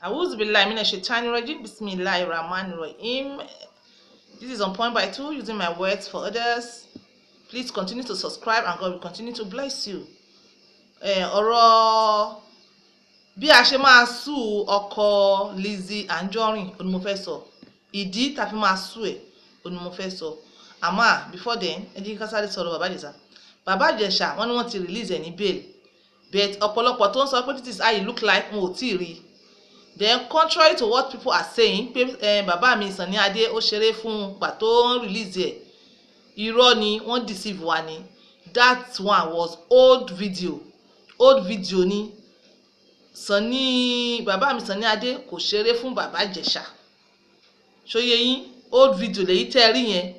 Auzubillahi Mina Shaitani Rajim, Bismillahir Rahman Rahim. This is on point by two, using my words for others. Please continue to subscribe and God will continue to bless you. Eh, ọ̀rọ̀ bí a ṣe máa sú ọkọ Lizzy Anjorin òní mo fẹ́ sọ. Ìdí tàfi máa sú ẹ̀ òní mo before then, ẹ jẹ́ kí ká sáré sọ̀rọ̀ Bàbá Ìjẹ̀ṣà. Bàbá Ìjẹ̀ṣà wọ́n ní wọ́n ti release ẹ̀ ní bail. But ọ̀pọ̀lọpọ̀ tó ń sọ pé this is how you look like wọn ò tí ì rí i then contrary to what people are saying pé eh, bàbá mi Sunny Adé ó ṣeré fún un gbà tó release ẹ̀ irọ́ ni wọ́n deceive wa ni that one was old video old video ni Sunny Baba mi Sunny Adé kò fun Baba bàbá So ṣóyé yín old video lèyí tẹ́ ẹ rí yẹn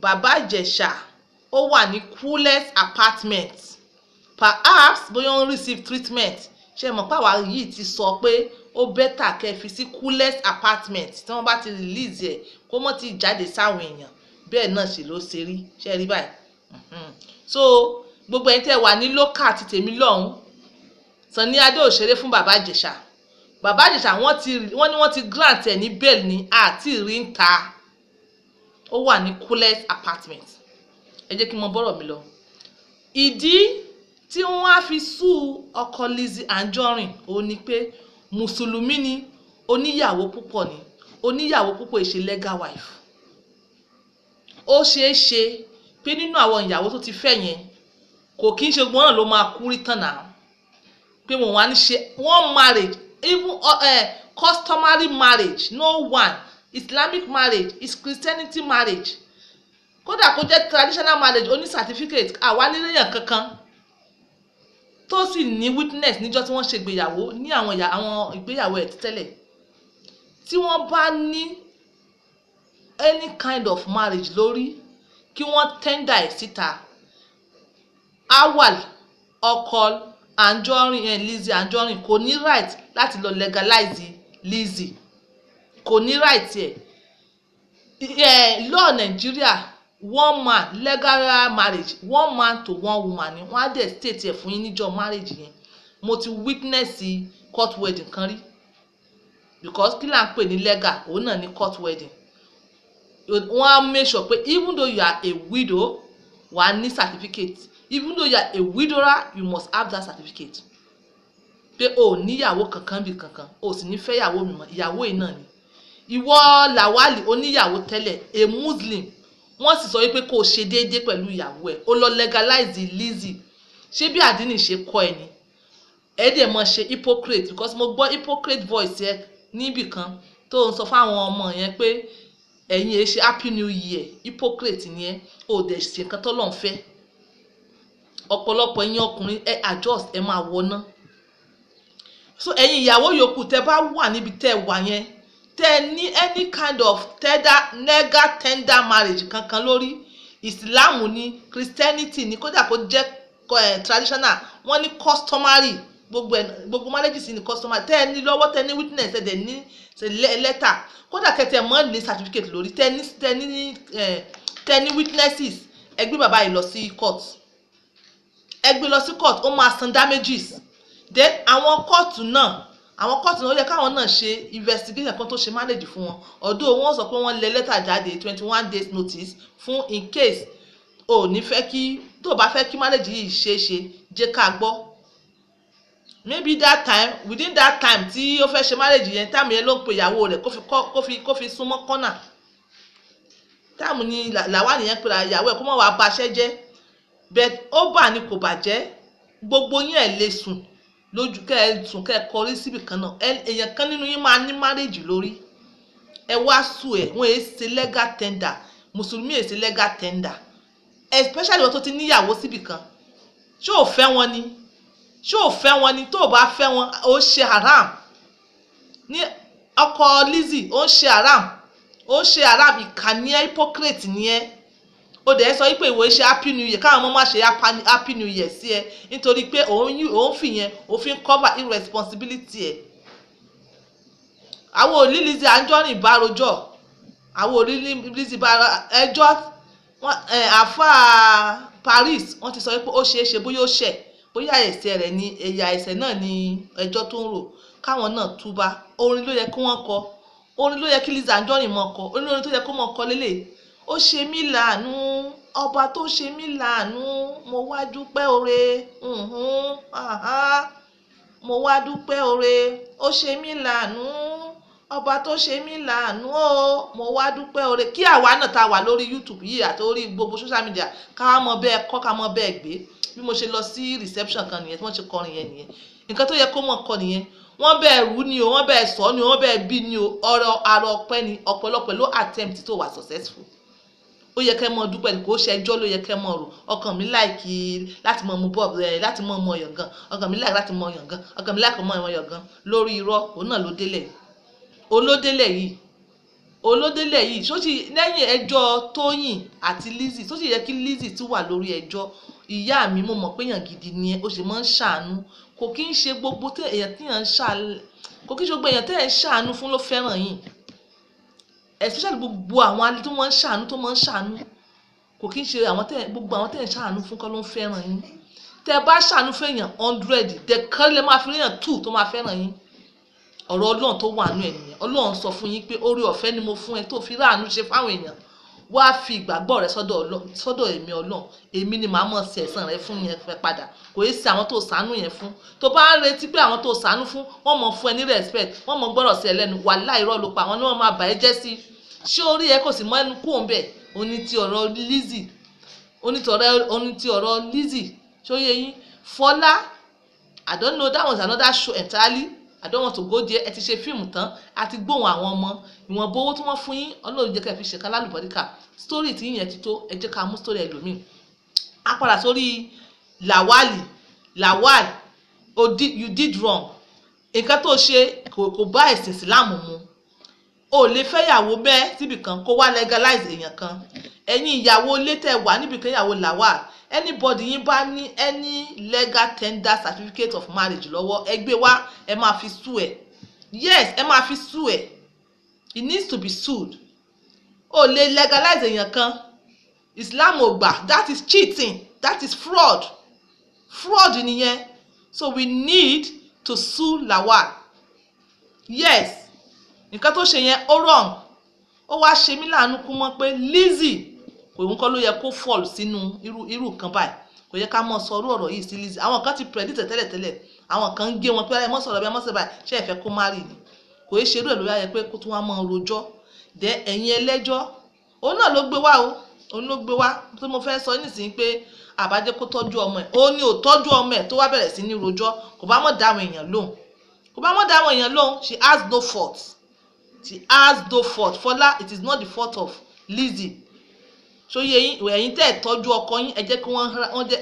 bàbá Ìjẹ̀ṣà ó wà coolest apartment perhaps bóyá ó ń receive treatment ṣe mọ̀ pàwọ́ yìí ti sọ pé ó bẹ́tà kẹ́ ẹ fi sí coolest apartment tí wọ́n bá ti release ẹ̀ kó mọ́ ti jáde sáwọn èèyàn bẹ́ẹ̀ náà sì ló ṣe rí ṣe rí báyìí mhm. so gbogbo ẹni tẹ́ wà ní lókà àti tèmi lọ́hùn Sani Adé òṣèré fún bàbá Ìjẹ̀ṣà bàbá Ìjẹ̀ṣà wọ́n ti wọ́n ní wọ́n ti grant ẹ̀ ní bail ní àti rí ń ta ó wà ní coolest apartment ẹ jẹ́ kí n mọ bọ́rọ̀ mi lọ ìdí tí wọ́n á fi sú ọkọ Lizzy Anjorin òun ni pé mùsùlùmí ni oníyàwó púpọ̀ ni oníyàwó púpọ̀ ìṣe legal wife ó ṣeé ṣe pé nínú àwọn ìyàwó tó ti fẹ́ yẹn kò kí n ṣe gbọ́n náà ló máa kú rí tán pé mo wà ní ṣe one marriage even uh, uh, customary marriage no one islamic marriage is christianity marriage kódà kó jẹ́ traditional marriage oní certificate àwa níléyàn kankan tó sì ní witness níjọ́ tí wọ́n ṣe ìgbéyàwó ní àwọn ìgbéyàwó ẹ̀ tẹ́lẹ̀ tí wọ́n bá ní any kind of marriage lórí kí wọ́n tender ẹ̀ síta awal ọkọl Anjorin ẹ̀ eh, Lizzy Anjorin kò ní right láti lọ legalize Lizzy kò ní right ẹ̀ eh, lọ́ọ̀ Nàìjíríà one man legal marriage one man to one woman ni wọ́n á dẹ̀ state ẹ̀ fún yín níjọ́ marriage yẹn mo ti witness court wedding kan rí because kí là ń pè ní legal òun náà ní court wedding wọ́n á make sure pé even though you are a widow wà á ní certificate even though you are a widower you must have that certificate pé o ò níyàwó kankan bí kankan o sì ní fẹ́ yàwó mi mọ́ ìyàwó yìí náà ni ìwọ làwálì oníyàwó tẹ́lẹ̀ a muslim wọ́n sì sọ wípé kó o ṣe déédéé pẹ̀lú ìyàwó ẹ̀ ó lọ legalize lizzy ṣé bí àdínì ṣe kọ́ ẹ ni ẹ dẹ̀ mọ̀ ṣe hypocrite because mo gbọ́ hypocrite voice ẹ níbìkan tó ń sọ fáwọn ọmọ yẹn pé ẹ̀yin ẹ ṣe happy new year hypocrite ni ẹ ò dẹ̀ ṣe nǹkan tó lọ́n fẹ́ ọ̀pọ̀lọpọ̀ ẹ̀yin ọkùnrin ẹ adjust ẹ máa wọná so ẹ̀yin ìyàwó yòókù tẹ bá wà níbi tẹ wà yẹn tẹ́ any kind of tender legal tender marriage kankan lórí ìsìláàmù ni christianity ni kódà kó jẹ́ eh, traditional wọ́n ní customary gbogbo ẹ gbogbo marriage sì ní customer tẹ́ ẹ ní witness ẹ dẹ̀ ní letter kódà kẹtẹ mọ ní certificate lórí tẹ́ ẹ ní ẹ eh, ní witnesses ẹ gbé bàbá yìí lọ sí court ẹ gbé lọ sí court ó máa san damages then àwọn kóòtù náà àwọn kóòtù náà ó yẹ káwọn náà ṣe investigation kan tó ṣe manage fún wọn ọ̀dọ̀ wọn sọ pé wọ́n lẹ lẹ́tà jáde twenty one days notice fún in case o oh, ní fẹ́ kí tó bá fẹ́ kí manage yìí ṣe é ṣe jẹ́ ká gbọ́ maybe that time within that time tí ó fẹ́ ṣe marriage yẹn táàmù yẹn ló ń pe ìyàwó rẹ̀ kó fi kó fi kó fi súnmọ́ kọ́nà táàmù ni làwa nìyẹn pera ìyàwó ẹ̀ kó mọ̀ wá baṣẹ́ jẹ́ but ó bà ní kò bàjẹ́ gbogbo yín ẹ̀ lè sùn lójú kẹ́ ẹ tún kẹ́ ẹ kọrí síbi kan náà èèyàn kan nínú yín máa ní márèjì lórí ẹ wá sùn ẹ wọn èé ṣe legal tender mùsùlùmí èé ṣe legal tender especially wọn tó ti níyàwó síbi kan ṣé ò fẹ́ wọn ni ṣé ò fẹ́ wọn ni tó o bá fẹ́ wọn ó ṣe haram ní ọkọ Lizzie ó ń ṣe haram ó ń ṣe haram ìkànnì hypocrite ni ẹ́ ó dẹ̀ sọ pé ìwọ ṣe happy new year káwọn ọmọ má ṣe happy new year sí ẹ nítorí pé òun fìyẹn òfin cover irresponsibility ẹ̀ àwọn òlí Lizzy Anjorin bá rojọ́ àwọn òlí Lizzy bá ẹjọ́ àfa Paris wọ́n ti sọ pé ó ṣeé ṣe bóyá ó ṣẹ̀ bóyá ẹ̀ṣẹ̀ rẹ̀ ni ẹ̀yà ẹ̀ṣẹ̀ náà ni ẹjọ́ tó ń rò káwọn náà túbá orin ló yẹ kí wọ́n kọ orin ló yẹ kí Lizzy Anjorin mọ̀ kọ orin ló yẹ kó mọ̀ kọ lélẹ̀ ó ṣe mí láàánú ọba tó ṣe mí láàánú mo wá dúpẹ́ oore uhun aha mo wá dúpẹ́ oore ó ṣe mí láàánú ọba tó ṣe mí láàánú o mo wá dúpẹ́ oore kí àwa náà ta wà lórí YouTube yìí àti orí gbogbo social media ká mọ bẹ́ẹ̀ kọ́ ká mọ bẹ́ẹ̀ gbé bí mo ṣe lọ sí reception kan nìyẹn tí wọ́n ṣe kọrin yẹn nìyẹn nǹkan tó yẹ kó mọ̀ kọ nìyẹn wọ́n bẹ́ẹ̀ rú ni o wọ́n bẹ́ẹ̀ sọ ni o wọ́n bẹ́ẹ̀ bí ni o ọ̀rọ̀ àrọ̀ ọpẹ́ ni ọ̀pọ̀lọpọ̀ ló attempt tó wà successful ó yẹ kẹ́ mọ dúpẹ́ kó ṣẹjọ́ ló yẹ kẹ́ mọ rò ọkàn mi láìkí láti mọ mu bọ́ọ̀bù ẹ̀ eh, láti mọ ọmọ yàngàn ọkàn mi láìkí láti mọ yàngàn ọkàn mi láìkí mọ ọmọ yàngàn lórí irọ́ òun náà ló délẹ̀ olódélẹ̀ yìí olódélẹ̀ yìí sóṣì lẹ́yìn ẹjọ́ Tóyìn àti Lizzy sóṣì yẹ kí Lizzy tún wà lórí ẹjọ́ ìyá mi mo mọ̀ pé èèyàn gidi ni ẹ o sì máa ń ṣàánú kò kí ń ṣe gbogbo èèyàn tí èèyàn tí èèyàn ń ṣàánú fún ló fẹ́ràn yìí especially gbogbo àwọn alẹ́ tó máa ń ṣàánú tó máa ń ṣàánú kò kí ń ṣe àwọn tẹ̀ gbogbo àwọn tẹ̀ ń ṣàánú fún kọ́ ló ń fẹ́ràn yín tẹ́ ẹ bá ṣàánú fún èèyàn hundred tẹ́ kán lè máa fi èèyàn two tó máa fẹ́ràn yín ọ̀rọ̀ ọlọ́run tó wà nù ẹ̀ nìyẹn ọlọ́run sọ fún yín pé oore ọ̀fẹ́ ni mo fún ẹ tó fi ráàánú ṣe fáwọn èèyàn wá fi ìgbàgbọ́ rẹ sọ́dọ̀ èmi ọlọ́run èmi ni màá mọ̀ sí ẹ̀san rẹ fún yẹn fẹ́ padà kò yẹ sí àwọn tó sànú yẹn fún tó bá ń retí pé àwọn tó sànú fún wọ́n mọ̀ fún ẹ ní respect wọ́n mọ̀ gbọ́rọ̀ sí ẹ lẹ́nu wàláhì irọ́ ló pa àwọn ni wọ́n máa bà jẹ́ sí ṣé orí ẹ kò sì mọ́ ẹnu kúrò ńbẹ̀ oní ti ọ̀rọ̀ Lizzy oní ti ọ̀rọ̀ Lizzy ṣó yẹ yín Fọlá I don't know that was another show entirely I don't want to go there ẹ ti ṣe fíìmù tán a ti gbóhùn àwọn ọmọ ìwọ̀nba owó tí wọ́n fún yín ọlọ́run jẹ́ ká fi ṣèkà lálùbọ́díkà story tí yín ti tó ẹ jẹ́ ká mú story ẹlòmíì a padà sórí lawali lawal odi you did wrong nǹkan tó ṣe kò bá ẹ̀sìn ìsìláàmù mu o lè fẹ́yàwó bẹ́ẹ̀ síbìkan kó wá legalize èèyàn kan ẹ̀yin ìyàwó ilé tẹ̀ wá níbìkan ìyàwó lawal anybody yín bá ní any legal tender certificate of marriage lọ́wọ́ ẹ wa wá ẹ máa fi sú ẹ yes ẹ máa fi sú ẹ it needs to be sued o lè legalize èèyàn kan Islam ò gbà that is cheating that is fraud fraud nìyẹn so we need to sue Lawal yes nǹkan tó ṣe yẹn ó wrong ó wá ṣe mí láàánú kú mọ́ pé Lizzy òun kọ́ ló yẹ kó fall sínú irú irú nǹkan báyìí kò yẹ ká mọ sọrú ọ̀rọ̀ yìí sí Lizzy àwọn kan ti predict tẹ́lẹ̀ tẹ́lẹ̀ àwọn kan ń gé wọn pé ẹ mọ́ sọ̀rọ̀ bí ẹ mọ́ sọ̀rọ̀ báyìí ṣé ẹ fẹ́ kó má rì ni kò yẹ ṣerú ẹ̀ ló yẹ pé kó tún wá mọ rojọ́ dẹ ẹ̀yin ẹlẹ́jọ́ òun náà ló gbé wá o òun ló gbé wá tí mo fẹ́ sọ nísìnyí pé àbájẹ́ kó tọ́jú ọmọ ẹ̀ ó ní ò tọ́jú ọmọ ẹ̀ tó wá bẹ̀rẹ̀ sí ní rojọ́ kò bá mọ̀ dáwọn èèyàn lóhùn kò bá mọ̀ dáwọn èèyàn lóhùn she has no fault she has no fault Fọlá it is not the fault of Lizzy so yẹ ẹ̀yin tẹ́ ẹ tọ́jú ọkọ yín ẹ jẹ́ kí wọ́n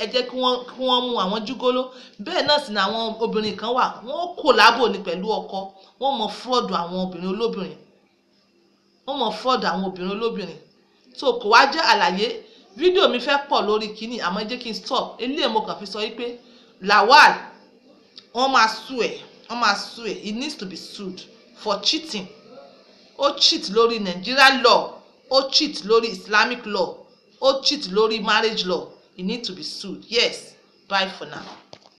ẹ jẹ́ kí wọ́n kí wọ́n mú àwọn jígóló bẹ́ẹ̀ náà sì ni àwọn obìnrin kan wà wọ́n kò lábò ní pẹ̀lú ọkọ wọ́n mọ fúrọ̀dù àwọn obìnrin olóbìnrin wọ́n mọ fúrọ̀dù àwọn obìnrin olóbìnrin so kò wá jẹ́ àlàyé fídíò mi fẹ́ pọ̀ lórí kínní àmọ́ jẹ́ kí n stop eléyìí mo kàn fi sọ wípé Lawal wọ́n máa sue ẹ̀ wọ́n máa sue ẹ̀ he needs to be sued for cheating ó cheat lórí Nigeria law ó cheat lórí Islamic law ó cheat lórí marriage law you need to be sued yes bye for now.